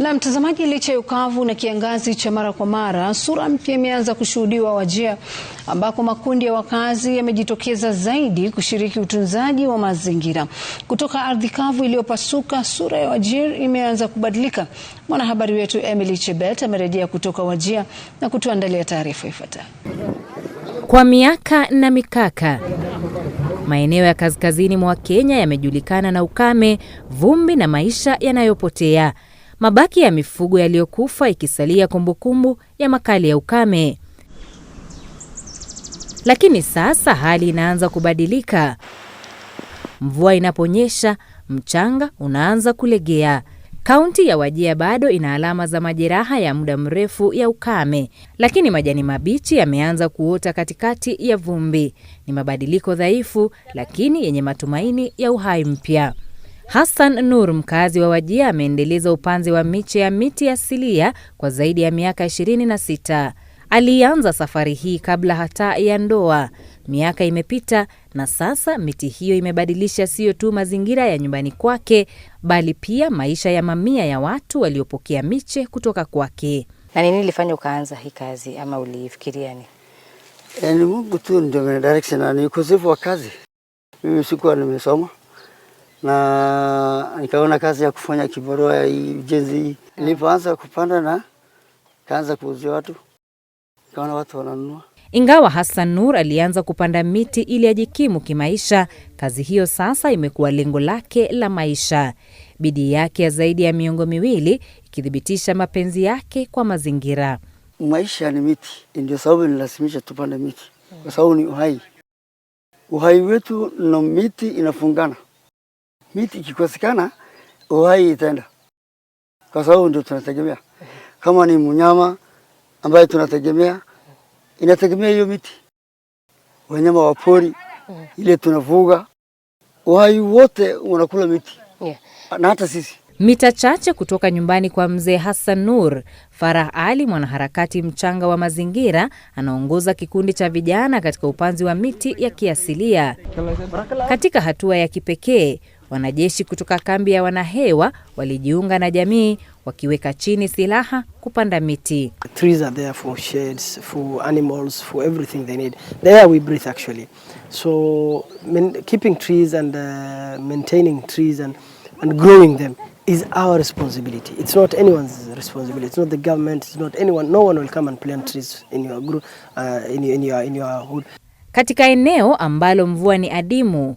Na mtazamaji, licha ya ukavu na kiangazi cha mara kwa mara, sura mpya imeanza kushuhudiwa Wajir ambako makundi ya wakazi yamejitokeza zaidi kushiriki utunzaji wa mazingira. Kutoka ardhi kavu iliyopasuka, sura ya Wajir imeanza kubadilika. Mwanahabari wetu Emily Chebet amerejea kutoka Wajir na kutuandalia taarifa ifuatayo. Kwa miaka na mikaka maeneo ya kaskazini mwa Kenya yamejulikana na ukame, vumbi na maisha yanayopotea mabaki ya mifugo yaliyokufa ikisalia kumbukumbu ya makali ya ukame. Lakini sasa hali inaanza kubadilika. Mvua inaponyesha, mchanga unaanza kulegea. Kaunti ya Wajia bado ina alama za majeraha ya muda mrefu ya ukame, lakini majani mabichi yameanza kuota katikati ya vumbi. Ni mabadiliko dhaifu, lakini yenye matumaini ya uhai mpya. Hassan Nur mkazi wa Wajia ameendeleza upanzi wa miche ya miti asilia kwa zaidi ya miaka 26. Alianza safari hii kabla hata ya ndoa. Miaka imepita na sasa miti hiyo imebadilisha siyo tu mazingira ya nyumbani kwake bali pia maisha ya mamia ya watu waliopokea miche kutoka kwake. Na nini ilifanya ukaanza hii kazi ama ulifikiriani? Yaani eh, Mungu tu ndio direction na ni ukosefu wa kazi. Mimi sikuwa nimesoma na nikaona kazi ya kufanya kiboroa ya ujenzi hii. Nilipoanza kupanda na kaanza kuuzia watu, nikaona watu wananunua. Ingawa Hassan Nur alianza kupanda miti ili ajikimu kimaisha, kazi hiyo sasa imekuwa lengo lake la maisha. Bidii yake ya zaidi ya miongo miwili ikithibitisha mapenzi yake kwa mazingira. Maisha ni miti, ndio sababu nilazimisha tupande miti, kwa sababu ni uhai. Uhai wetu na miti inafungana miti ikikosekana, uhai itaenda, kwa sababu ndio tunategemea. Kama ni mnyama ambaye tunategemea, inategemea hiyo miti. Wanyama wa pori ile tunavuga, uhai wote unakula miti yeah. na hata sisi Mita chache kutoka nyumbani kwa mzee Hassan Nur, Farah Ali, mwanaharakati mchanga wa mazingira, anaongoza kikundi cha vijana katika upanzi wa miti ya kiasilia. Katika hatua ya kipekee, Wanajeshi kutoka kambi ya wanahewa walijiunga na jamii wakiweka chini silaha kupanda miti. Trees are there for for animals, for everything they need. There we breathe actually. So keeping trees and uh, maintaining trees and, and growing them is our responsibility. It's not anyone's responsibility. It's not the government, it's not anyone. No one will come and plant trees in your group, uh, in, in your, in your hood. Katika eneo ambalo mvua ni adimu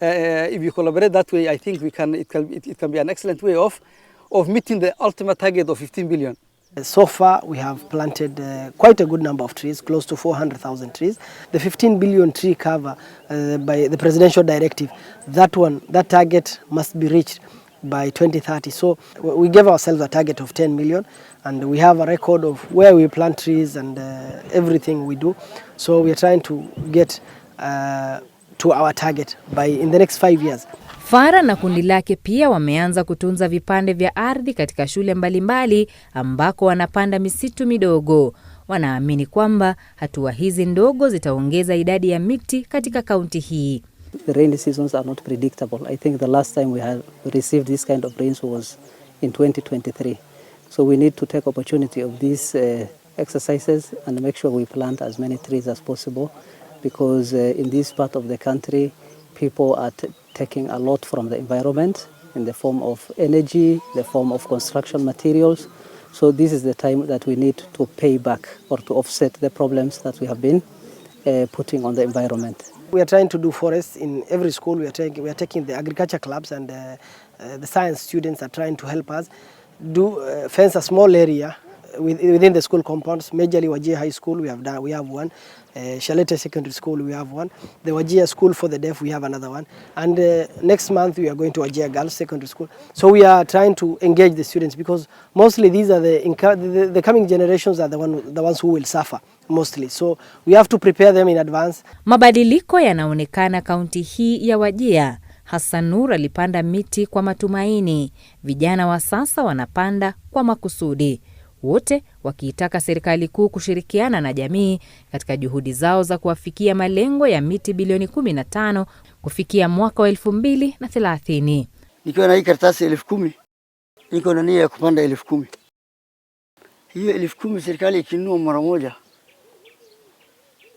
Uh, uh, if you collaborate that way, I think we can, it, can, it, it can be an excellent way of, of meeting the ultimate target of 15 billion. So far, we have planted uh, quite a good number of trees, close to 400,000 trees. The 15 billion tree cover uh, by the presidential directive, that one, that target must be reached by 2030. So we gave ourselves a target of 10 million and we have a record of where we plant trees and uh, everything we do. So we are trying to get uh, to our target by in the next five years. Fara na kundi lake pia wameanza kutunza vipande vya ardhi katika shule mbalimbali mbali ambako wanapanda misitu midogo. Wanaamini kwamba hatua hizi ndogo zitaongeza idadi ya miti katika kaunti hii. The rain seasons are not predictable. I think the last time we have received this kind of rains was in 2023. So we need to take opportunity of these uh, exercises and make sure we plant as many trees as possible. because uh, in this part of the country, people are taking a lot from the environment in the form of energy, the form of construction materials. So this is the time that we need to pay back or to offset the problems that we have been uh, putting on the environment. We are trying to do forests in every school. We are, take, we are taking the agriculture clubs and uh, uh, the science students are trying to help us do uh, fence a small area within the school compounds. Majorly Wajir High School, we have done, we have one. Uh, Shalete Secondary School, we have one. The Wajir School for the Deaf, we have another one. And uh, next month we are going to Wajir Girls Secondary School. So we are trying to engage the students because mostly these are the, the, the coming generations are the, one, the ones who will suffer mostly. So we have to prepare them in advance. Mabadiliko yanaonekana kaunti hii ya Wajir. Hassan Nur alipanda miti kwa matumaini. Vijana wa sasa wanapanda kwa makusudi wote wakiitaka serikali kuu kushirikiana na jamii katika juhudi zao za kuwafikia malengo ya miti bilioni 15 kufikia mwaka wa 2030. Nikiwa na hii karatasi elfu kumi niko na nia ya kupanda elfu kumi hiyo elfu kumi serikali ikinunua mara moja,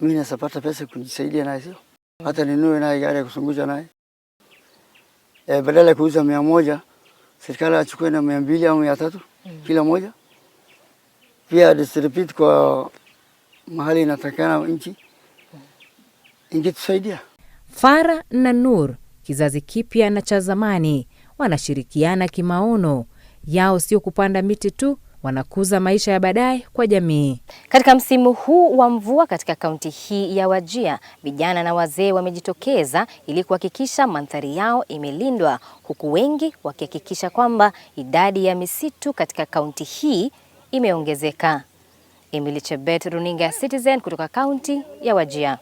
mimi nasapata pesa kujisaidia naye, sio hata ninunue naye gari ya kusunguza naye e, eh, badala ya kuuza mia moja serikali achukue na mia mbili au mia tatu mm. kila moja pia distribute kwa mahali inatakana nchi ingetusaidia. Fara na Nur, kizazi kipya na cha zamani, wanashirikiana kimaono. Yao sio kupanda miti tu, wanakuza maisha ya baadaye kwa jamii. Katika msimu huu wa mvua katika kaunti hii ya wajia vijana na wazee wamejitokeza ili kuhakikisha mandhari yao imelindwa, huku wengi wakihakikisha kwamba idadi ya misitu katika kaunti hii imeongezeka. Emily Chebet, runinga ya Citizen kutoka kaunti ya wajia